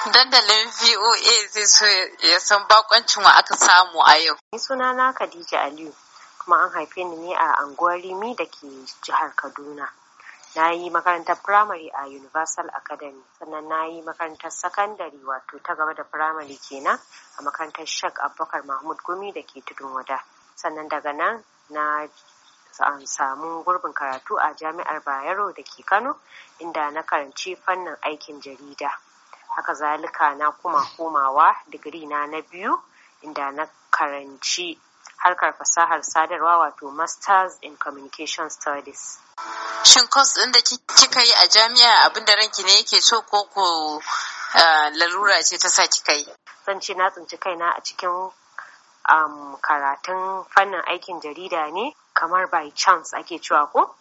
Dandalin VOA zai so ya san bakoncin wa aka samu a yau. Ni suna na Khadija Aliyu kuma an haife ni ne a anguwar Rimi da ke jihar Kaduna. Na yi makarantar firamare a Universal Academy sannan na yi makarantar sakandare wato ta gaba da firamare kenan a makarantar Sheikh Abubakar Mahmud Gumi da ke Tudun Wada. Sannan daga nan na an samu gurbin karatu a jami'ar Bayero da ke Kano inda na karanci fannin aikin jarida. haka zalika na kuma komawa digiri na na biyu inda na karanci harkar fasahar sadarwa wato masters in communication studies shin kwas ɗin da kika yi a jami'a abinda ranki ne yake so ko ko lalura ce ta sa kika yi zan ce na tsinci kaina a cikin karatun fannin aikin jarida ne kamar by chance ake cewa ko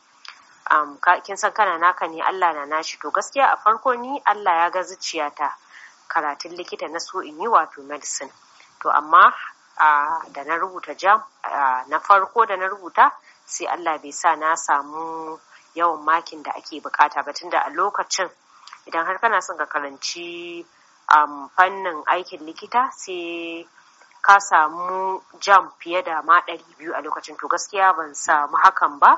um, kin san kana naka ne Allah na nashi to gaskiya a farko ni Allah ya ga zuciyata karatun likita na so in yi wato medicine to amma da na rubuta jam uh, na farko da na rubuta sai Allah bai sa na samu yawan makin da ake bukata ba tunda a lokacin idan har kana son ka karanci um, fannin aikin likita sai ka samu jam fiye da ma ɗari biyu a lokacin to gaskiya ban samu hakan ba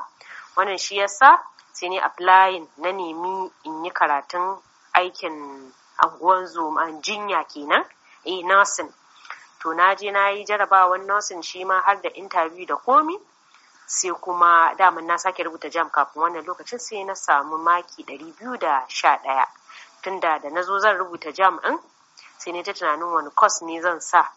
wannan shi yasa sai ni applying na nemi in yi karatun aikin anguwan zoma jinya kenan eh nursing to na je na yi jarabawan nursing shi ma har da interview da komi sai kuma damar na sake rubuta jam kafin wannan lokacin sai na samu maki biyu da sha ɗaya. tunda da na zo zan rubuta jam din sai ne ta tunanin wani course ne zan sa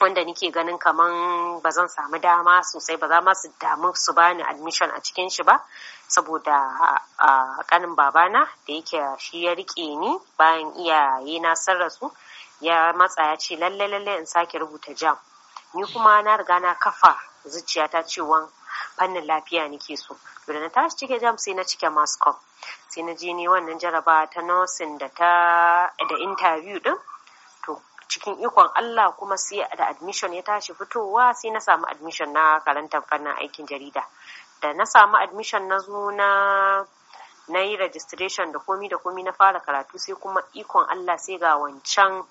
wanda nike ganin kaman ba zan samu dama sosai ba za ma su damu su bani admission a cikin shi ba saboda a kanin babana da yake shi ya rike ni bayan iyaye na sarrasu ya matsa ya ce lalle lalle in sake rubuta jam ni kuma na riga na kafa zuciya zuciyata cewa fannin lafiya nike so Dole na tashi cike jam sai na cike mascom sai na je ni wannan jaraba ta nursing da ta da interview din cikin ikon Allah kuma sai da admission ya tashi fitowa sai na samu admission na karantar fannin aikin jarida da na samu admission na zo na na yi registration da komi da komi na fara karatu sai kuma ikon Allah sai ga wancan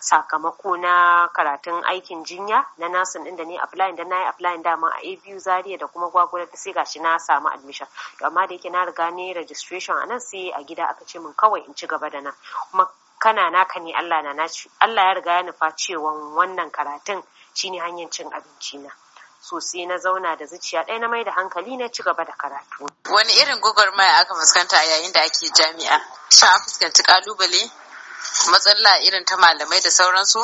sakamako na karatun aikin jinya na nasin inda ne applying da na yi applying dama a abu zaria da kuma gwagwada ta sai gashi na samu admission amma da yake na riga ne registration a nan sai a gida aka ce min kawai in ci gaba da nan kuma kana naka ne Allah na naci Allah ya riga ya nufa cewa wannan karatun shine hanyar cin abinci na so sai na zauna da zuciya ɗaya na mai da hankali na ci gaba da karatu wani irin maya aka fuskanta yayin da ake jami'a shin an fuskanci kalubale matsala irin ta malamai da sauransu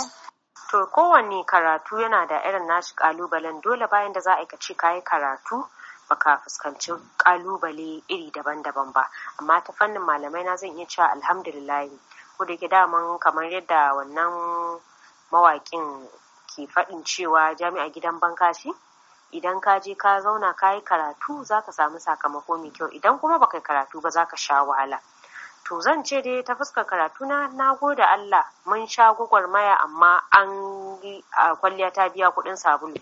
to kowanne karatu yana da irin nashi kalubalen dole bayan da za a aikace kayi karatu baka fuskanci kalubale iri daban-daban ba amma ta fannin malamai na zan iya cewa alhamdulillah ko da yake daman kamar yadda wannan mawaƙin ke faɗin cewa jami'a gidan bankashi? idan ka je ka zauna ka yi karatu za ka samu sakamako mai kyau idan kuma baka yi karatu ba za ka sha wahala To zan ce dai ta fuskar karatu na na gode Allah mun sha gwagwarmaya amma an yi a kwalliya ta biya kuɗin sabulu.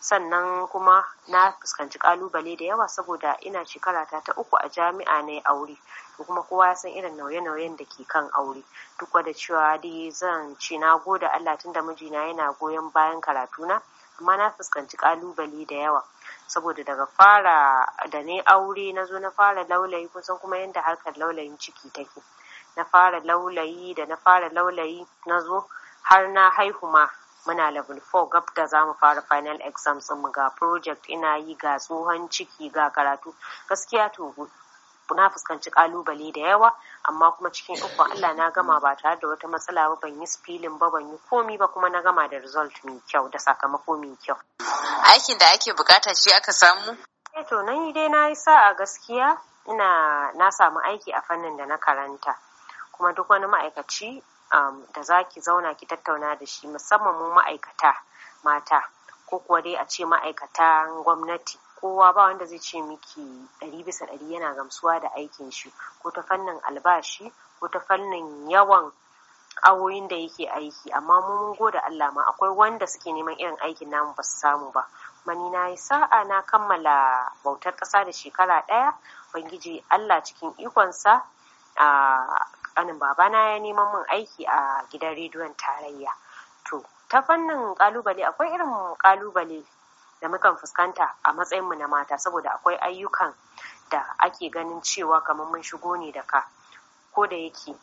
Sannan kuma na fuskanci kalubale da yawa saboda ina shekara ta ta uku a jami'a na aure. To kuma kowa ya san irin nauye-nauyen da ke kan aure. Duk da cewa dai zan ce na gode Allah tunda mijina yana goyon bayan karatu na amma na fuskanci kalubale da yawa. saboda daga fara da ne aure na zo na fara laulayi kusan kuma yadda harkar laulayin ciki take na fara laulayi da na fara laulayi na zo har na haihu ma muna level 4 gab da za mu fara final exams mu ga project ina yi ga tsohon ciki ga karatu gaskiya to na fuskanci kalubale da yawa amma kuma cikin ikon Allah na gama ba tare da wata matsala ba ban yi spilling ba ban yi komi ba kuma na gama da result mai kyau da sakamako mai kyau aikin da ake bukata shi aka samu eh to nan dai na yi sa'a gaskiya ina na samu aiki a fannin da na karanta kuma duk wani ma'aikaci um, da za ki zauna ki tattauna da shi musamman mu ma'aikata mata ko kuwa dai a ce ma'aikatan gwamnati kowa ba wanda zai ce miki ɗari bisa ɗari yana gamsuwa da aikin shi ko ta fannin albashi ko ta fannin yawan awoyin da yake aiki amma mun gode Allah ma akwai wanda suke neman irin aikin namu ba su samu ba mani na yi sa'a na kammala bautar ƙasa da shekara ɗaya bangiji Allah cikin ikonsa a kanin babana ya neman min aiki a gidan rediyon tarayya to ta fannin ƙalubale, akwai irin ƙalubale. da mukan fuskanta a matsayinmu na mata saboda akwai ayyukan da ake ganin cewa kamar mun shigo ne da ka ko da yake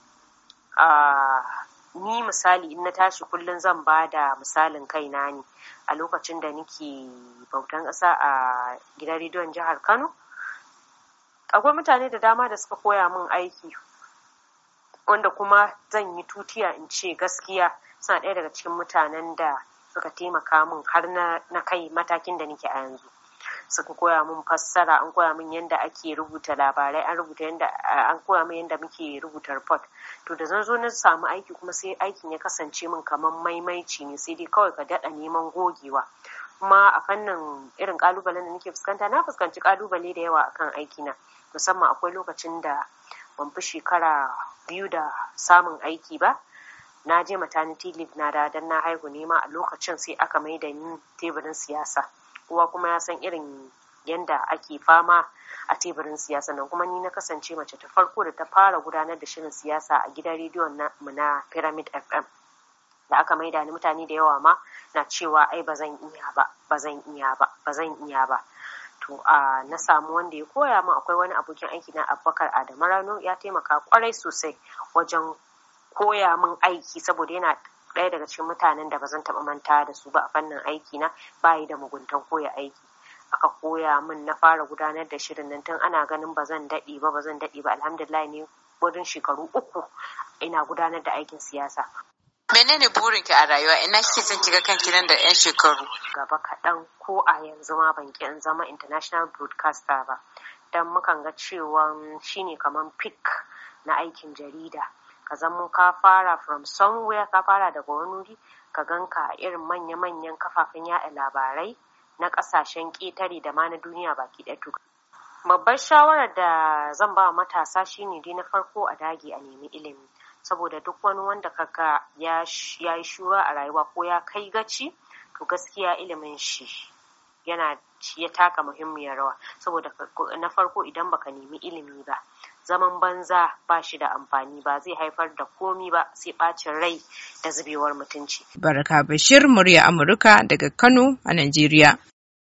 ni misali in na tashi kullum zan ba da misalin kaina ne a lokacin da nike bautan ƙasa a gidan rediyon jihar kano akwai mutane da dama da suka koya min aiki wanda kuma zan yi tutiya in ce gaskiya suna ɗaya daga cikin mutanen da suka taimaka min har na kai matakin da nake a yanzu suka koya min fassara an koya min yadda ake rubuta labarai an rubuta yadda an koya min yadda muke rubuta report to da zan zo na samu aiki kuma sai aikin ya kasance min kamar maimaici ne sai dai kawai ka daɗa neman gogewa kuma a fannin irin kalubalen da nake fuskanta na fuskanci kalubale da yawa akan aikina musamman akwai lokacin da ban fi shekara biyu da samun aiki ba na je maternity leave na da dan na haihu ne ma a lokacin sai aka mai da ni teburin siyasa kowa kuma ya san irin yanda ake fama a teburin siyasa nan kuma ni na kasance mace ta farko da ta fara gudanar da shirin siyasa a gidan rediyon mu na pyramid fm da aka mai da ni mutane da yawa ma na cewa ai ba zan iya ba ba zan iya ba ba zan iya ba to a na samu wanda ya koya min akwai wani abokin aiki na abubakar adamu rano ya taimaka kwarai sosai wajen koya min aiki saboda yana ɗaya daga cikin mutanen da ba zan taɓa manta da su ba a fannin aiki na bayi da muguntan koya aiki aka koya min na fara gudanar da shirin nan tun ana ganin ba zan daɗe ba ba zan daɗe ba alhamdulillah ne wurin shekaru uku ina gudanar da aikin siyasa menene ki a rayuwa ina kike son kiga kanki nan da yan shekaru gaba kaɗan ko a yanzu ma ban ki in zama international broadcaster ba dan mukan ga cewa shine kaman pick na aikin jarida ka zamo ka fara from somewhere ka fara daga wani wuri ka ganka a irin manya-manyan kafafen yaɗa labarai na ƙasashen ƙetare da ma na duniya baki ɗaya babbar shawarar da zan ba matasa shine dai na farko a dage a nemi ilimi saboda duk wani wanda ga ya yi shura a rayuwa ko ya kai gaci to gaskiya ilimin shi yana ya taka muhimmiyar rawa saboda na farko idan baka nemi ilimi ba zaman banza ba shi da amfani ba zai haifar da komi ba sai bacin rai da zubewar mutunci. Baraka Bashir murya Amurka daga Kano a Najeriya.